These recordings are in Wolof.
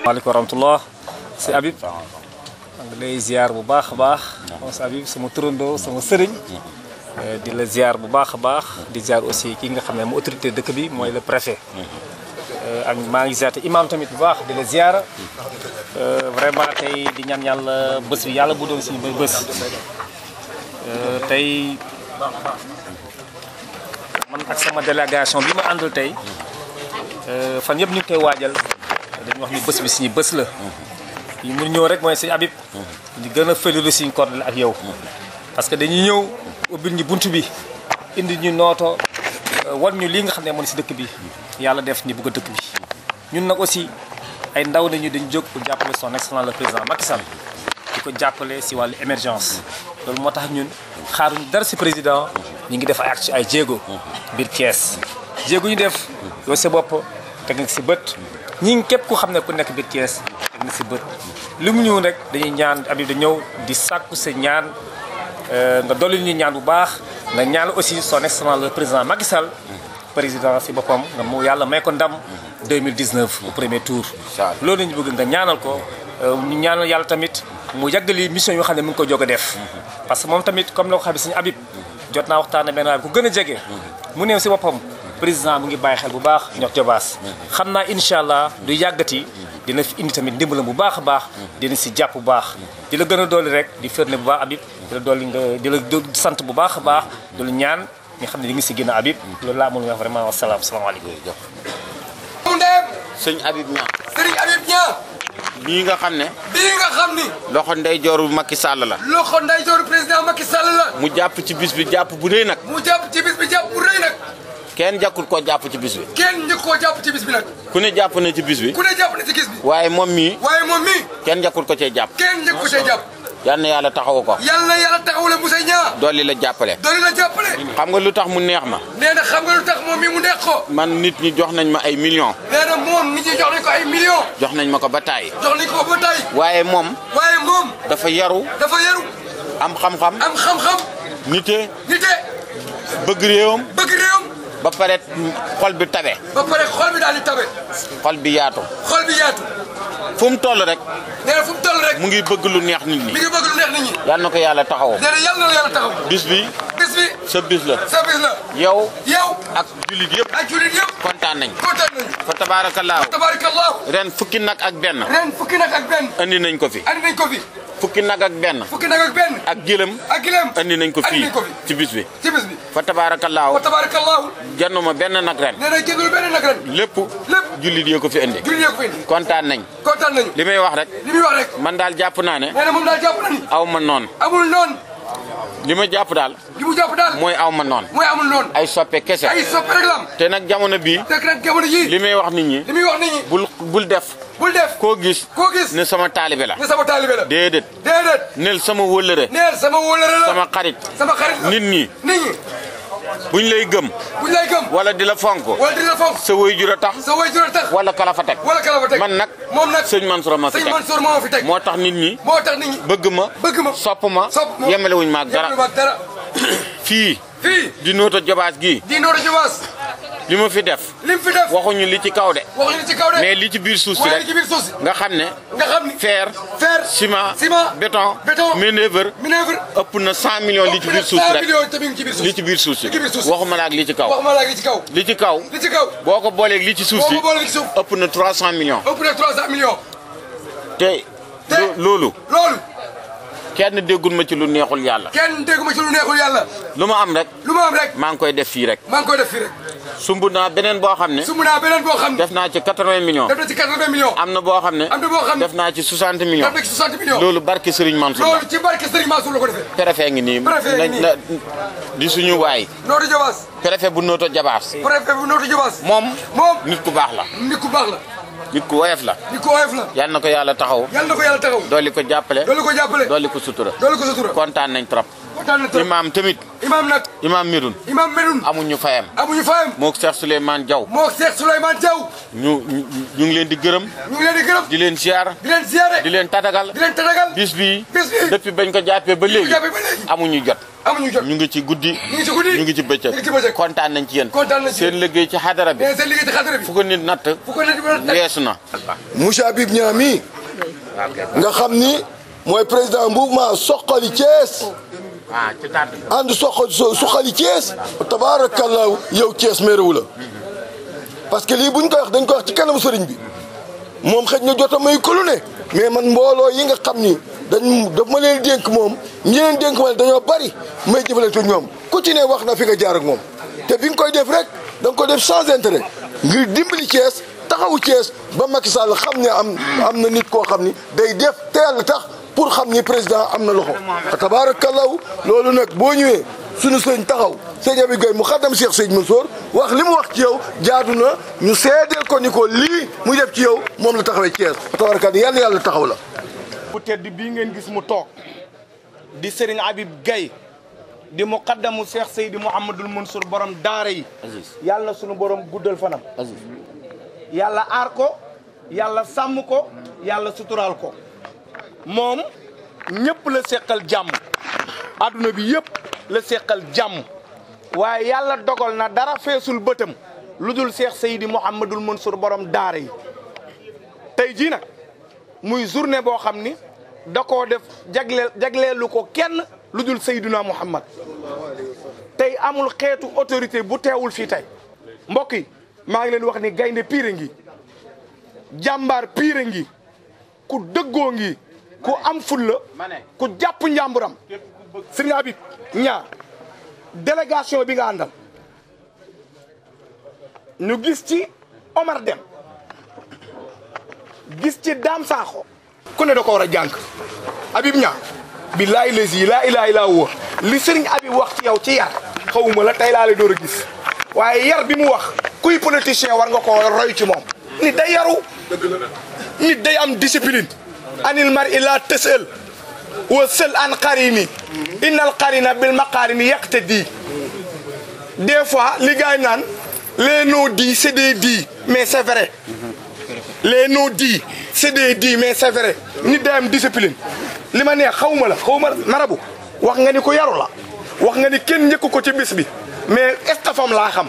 maaleykum rahmatullah si Habib maa ngi lay ziar bu baax a baax moom si Habib sama turandoo sama sëriñ eh, di la ziar bu baax a baax di ziar aussi ki nga xam ne mu autorité dëkk bi mooy le préfet Euh, ak maa ngi ziyaare imaam tamit bu baax di la ziyaara euh, vraiment tey di ñaan yàlla bés bi yàlla bu doon suñu bés euh, tey man ak sama délégation bi ma àndal tey fan yëpp ñu koy waajal dañu wax ni bës bi suñu bés la yi mun ñëw rek mooy sëñ Habib di gën a félilu suñu cordel ak yow parce que dañuy ñëw ubbil ñu bunt bi indi ñu nooto wan ñu lii nga xam ne moom si dëkk bi yalla def ni bëgg dëkk bi ñun nak aussi ay ndaw nañu dañ jóg pour jàppale son excellent le président Macky Sall diko jappalé ci walu wàllu émergence loolu moo ñun xaaruñu dara ci président ñi ngi def ay actes ay jéego bir Thiès jéego ñu def yow sa bop teg nga ci bët ñi ngi képp ku xam ku nekk bir Thiès teg nga si bët li mu ñëw rek dañuy ñaan Habib da ñëw di sakku sa ñaan euh, nga dolli ñu ñaan bu baax nga ñaan aussi son excellent le président Macky Sall président si boppam nga mu yàlla may ko ndam u au premier tour loolu ñu bëgg nga ñaanal ko euh, ñu ñaanal yàlla tamit mu yàggali mission yoo xam ne mu ngi ko jog a def parce que moom tamit comme la ko xam ne suñu Habib jot naa waxtaan benn waay bu ko gën a jege mu neew si boppam président mu ngi bàyyi xel bu baax ñoo jobaas xam naa incha allah du yàggati dina fi indi tamit ndimbalam bu baax a baax dina si jàpp bu baax di la gën a dooli rek di firnde bu baax Habib di la dooli nga di la sant bu baax a baax di la ñi xam ne ñu ngi si ginnaaw Habib loolu laa amul nga vraiment wasalaam salaamaaleykum. Iya, mu dem. sëñ Habib Niang. sëriñ Habib Niang. bii nga xam ne. bii nga xam ni. loxo ndeyjooru Macky Sall la. loxo ndeyjooru président Macky Sall la. mu jàpp ci bis bi jàpp bu rëy nag. mu jàpp ci bis bi jàpp bu rëy nag. kenn jàkkul koo jàpp ci bis bi kenn ñu koo jàpp ci bis bi nag ku ne jàpp na ci bis bi ku ne jàpp na ci bis bi waaye moom mii waaye moom mii kenn jàkkul ko cee jàpp kenn ñu ko cee jàpp yal na yàlla taxawu ko yal na yàlla taxawule Moussa Niang dolli la jàppale dolli la jàppale xam nga lu tax mu neex ma nee na xam nga lu tax moom mi mu neex ko man nit ñi jox nañ ma ay millions nee na moom nit ñi jox nañ ko ay millions jox nañ ma ko ba taay jox nañ ko ba taay waaye moom waaye moom dafa yaru dafa yaru am xam-xam am xam-xam nite nite bëgg réewam bëgg réewam ba pare xol bi tabe ba pare xol bi daal di tabe xol bi yaatu xol bi yaatu fu toll rek. mu ngi bëgg lu neex nit ñi. mi ko yàlla taxawoo. nee na yal na la bi. bis bis la. yow. ak jullit yëpp. ak jullit yëpp. kontaan nañ kontaan fukki nag ak benn. ren fukki nag ak benn. andi nañ ko fi. fukki nag ak benn. fukki ak benn. ak gëlëm. nañ ko fii ci bis bi. fa tabaarakallaahu fa benn nag ren nee na jëndul ko fi indi kontaan nañ kontaan li may wax rek man daal jàpp naa ne nee ma noonu amul noonu li ma jàpp daal li mu jàpp mooy aw ma ay soppe kese ay te nag jamono bii te li may wax nit ñi li muy wax nit bul def koo gis ne sama taalibe la ne sama taalibe la nel sama wóllëre sama wóllëre nit ñi buñ lay gëm buñ lay wala di la fonk wala di la fonk sa way jur a tax sa way jur a tax fa teg wala kala fa man nag moom moo fi teg sëñ Mansour moo fi teg moo tax nit ñi moo tax nit ñi bëgg ma bëgg ma sopp ma sopp ma yemale wuñ ma ak dara fii fii di noota jobaas gi di noota jobaas li ma fi def li mu fi def waxuñu li ci kaw de mais li ci biir suuf si rek nga xam ne. nga xam ne fer. ëpp na 100 millions li ci biir suuf rek li ci biir suuf si waxuma la ak li kaw. waxuma li kaw. boo ko booleeg li ci suuf si. ëpp na 300 millions. ëpp na 300 millions. te. te loolu. kenn déggul ma ci lu neexul yàlla. kenn lu neexul ma am rek. lu ma am maa ngi koy def fii rek. maa sumb naa beneen boo xam ne. sumb beneen boo xam ne. def naa ci quatre-vingts na ci quatre am na boo xam ne. am def naa ci soixante millions. def na ci soixante millions. loolu barke Serigne Mansour. loolu ci ngi nii. di suñu waay. Nooto Jabaas. bu Nooto Jabaas. préfet bu moom. nit ku baax la. nit ku woyof la nit ku woyof la yal na ko yàlla taxaw ko taxaw dooli ko jàppale dooli ko jàppale dooli ko sutura kontaan nañ trop imaam tamit imaam nag imaam Medoune imaam Medoune amuñu fayam amuñu fayam moo Cheikh Souleymane Diaw moo Cheikh Souleymane ñu ñu ngi leen di gërëm ñu leen di gërëm di leen ziar di leen ziare di leen tatagal di leen tatagal bi bañ ko jàppee ba léegi amuñu jot amuñu jot ñu ngi ci guddi ñu ngi ci guddi ñu ngi ci bëccëg kontaan nañ ci yéen kontaan nañ ci seen liggéey ci xadara bi seen liggéey ci xadara bi fu ko nit natt fu ko nit weesu na monsieur Habib nga xam ni mooy président mouvement Suxali Thiès ànd Suxali Suxali Thiès tabaarakallaahu yow Thiès méréwu la parce que lii buñ koy wax dañ koy wax ci kanam sëriñ bi moom xëj na jot a may ko ne mais man mbooloo yi nga xam ni dañu daf ma leen dénk moom ñi leen dénk ma dañoo bari may jëfalante ñoom ku ci ne wax na fi nga jaar ak moom te bi nga koy def rek da nga ko def sans intérêt ngir dimbali Thiès taxawu Thiès ba makki Sall xam ne am am na nit koo xam ni day def te yàlla tax pour xam ni président am na loxo tabaarakallaah loolu nag boo ñëwee suñu sëñ taxaw sëñ Abi Gueye mu xaddam Cheikh Sëñ Mansour wax li mu wax ci yow jaadu na ñu seedeel ko ni ko lii mu def ci yow moom la taxawee Thiès tabaarakallaah yàlla yàlla taxaw la bu tedd bii ngeen gis mu toog di Serigne Habib Gaye di muqaddamu Cheikh Seydi Mouhamadul Mansour borom daara yi yàlla na sunu borom guddal fanam yàlla aar ko yàlla sàmm ko yàlla sutural ko moom ñëpp la seqal jàmm adduna bi yëpp la seqal jàmm waaye yàlla dogal na dara feesul bëtam lu dul Cheikh Seydi Mouhamadul Mansour borom daara yi tey jii nag muy journée boo xam ni da koo def jagleel jagleelu ko kenn lu dul Seydina Muhammad tey amul xeetu autorité bu teewul fii tey mbokk yi maa ngi leen wax ni gaynde piire ngi jàmbaar piire ngi ku dëggoo ngi ku am fulla ku jàpp njàmburam Serigne Habib ñaar délégation bi nga àndal nu gis ci Omar Deme gis ci daam saaxo ku ne dako wara jank abib nya billahi la ilaha laay les li serigne abib wax ci yow ci yar xawuma la tay laa la door a gis waye yar bi mu wax kuy politicien war nga ko roy ci mom nit day yaru nit day am discipline anil mar ila la wa sël an qarini ان القرين بالمقارن يقتدي دي فوا لي غاي نان لي نو دي سي دي دي مي سي فري les non-dits c'est des dits mais c'est vrai nit day disipline discipline li ma neex xawma la xawma marabu wax nga ni ko yaru la wax nga ni kenn njëkk ko ci bis bi mais estafam laa xam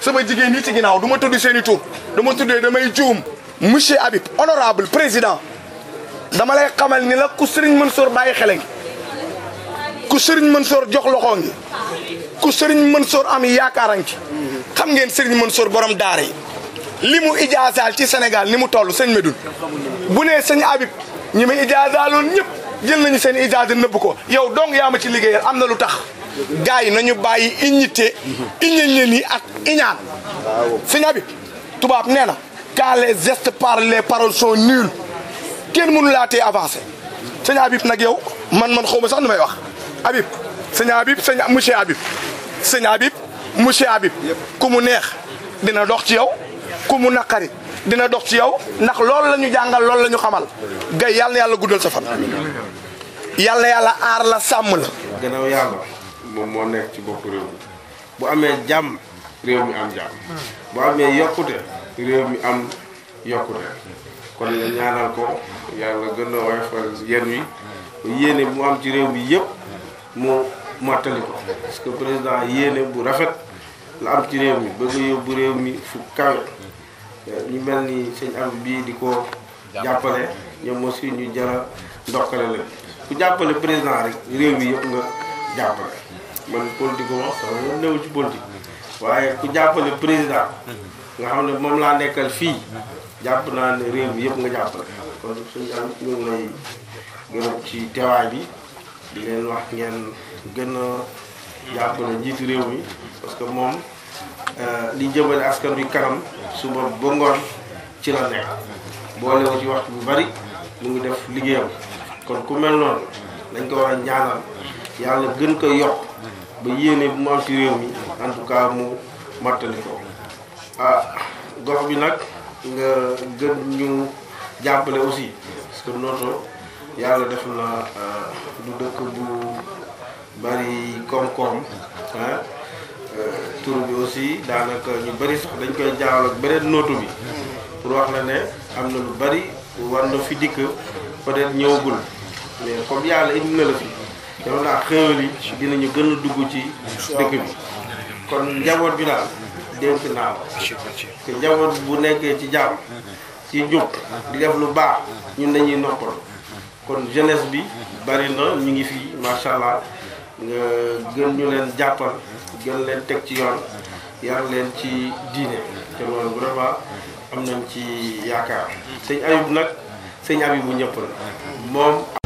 sama jigéen ñi ci ginnaaw du ma tudd seen i tur damay juum monsieur Habib honorable président dama lay xamal ni la ku mën Mansour bàyyi xele ngi ku Serigne Mansour jox loxo ngi ku mën Mansour am yaakaar ngi xam ngeen Serigne Mansour borom daara yi li mu ijaasaal ci Sénégal ni mu toll sëñ Medoune bu nee sëñ Habib ñi may ijaasaaloon ñëpp jël nañu seen ijaasa nëbb ko yow donc yaa ma ci liggéeyal am na lu tax gars yi nañu bàyyi iññite iñañ yi ak iñaan sëñ Habib tubaab nee na quand les gestes parlent les paroles sont kenn mënu laa tee avancé sëñ Habib nag yow man man xaw ma sax nu may wax Habib sëñ Habib sëñ monsieur Habib sëñ Habib monsieur Habib ku mu neex dina dox ci yow ku mu naqari dina dox ci yow ndax lool lañu jàngal lool lañu ñu xamal gay yàlla na yàlla guddal sa fan yàlla yàlla aar la sàmm la gannaaw yàlla moom moo nekk ci bopp réew mi amee jàmm réew mi am jàmm bu amee yokkute réew mi am yokkute kon la ñaanal ko yàlla gën a woyofal yenn wi yéene mu am ci réew mi yëpp mu mottali ko parce que président yéene bu rafet la am ci réew mi bëgg yóbbu réew mi fu ñu mel ni sëñ am bii di ko jàppale ñoom aussi ñu jara ndokkale la ku jàppale président rek réew yi yëpp nga jàppale man politique ko wax sama moom néew ci politique waaye ku jàppale président nga xam ne moom laa nekkal fii jàpp naa ne réew bi yëpp nga jàppale kon suñu am ñu ngi lay gërëm ci teewaay bi di leen wax ngeen gën jàppale njiitu réew mi parce que moom li euh, jëmale askan wi kanam suba ba ngoon ci la nekk boole ci waxtu bu bari mu ngi def liggéeyam kon ku mel noonu dañ ko war a ñaanal yàlla gën ko yokk ba yéene bu mu am ci réew mi en tout cas mu mattali ko ah gox bi nag nga gën ñu jàppale aussi parce que Notto yàlla def na euh, du dëkk bu bari koom-koom ah tur bi aussi daanaka ñu bëri sax dañ koy jaawal ak beneen nootu bi pour wax la ne am na lu bëri war na fi dikk peut-être ñëwagul mais comme yàlla indi na la fi yow naa xéewal yi dinañu gën dugg ci dëkk bi kon njaboot bi daal dénk naa ko te njaboot bu nekkee ci jàmm ci jub di def lu baax ñun dañuy noppal kon jeunesse bi bari na ñu ngi fi macha allah nga gën ñu leen jàppal gën leen teg ci yoon yar leen ci diine te loolu vraiment am nañ ci yaakaar sëñ Ayib nag sëñ Habibou ñëpp la moom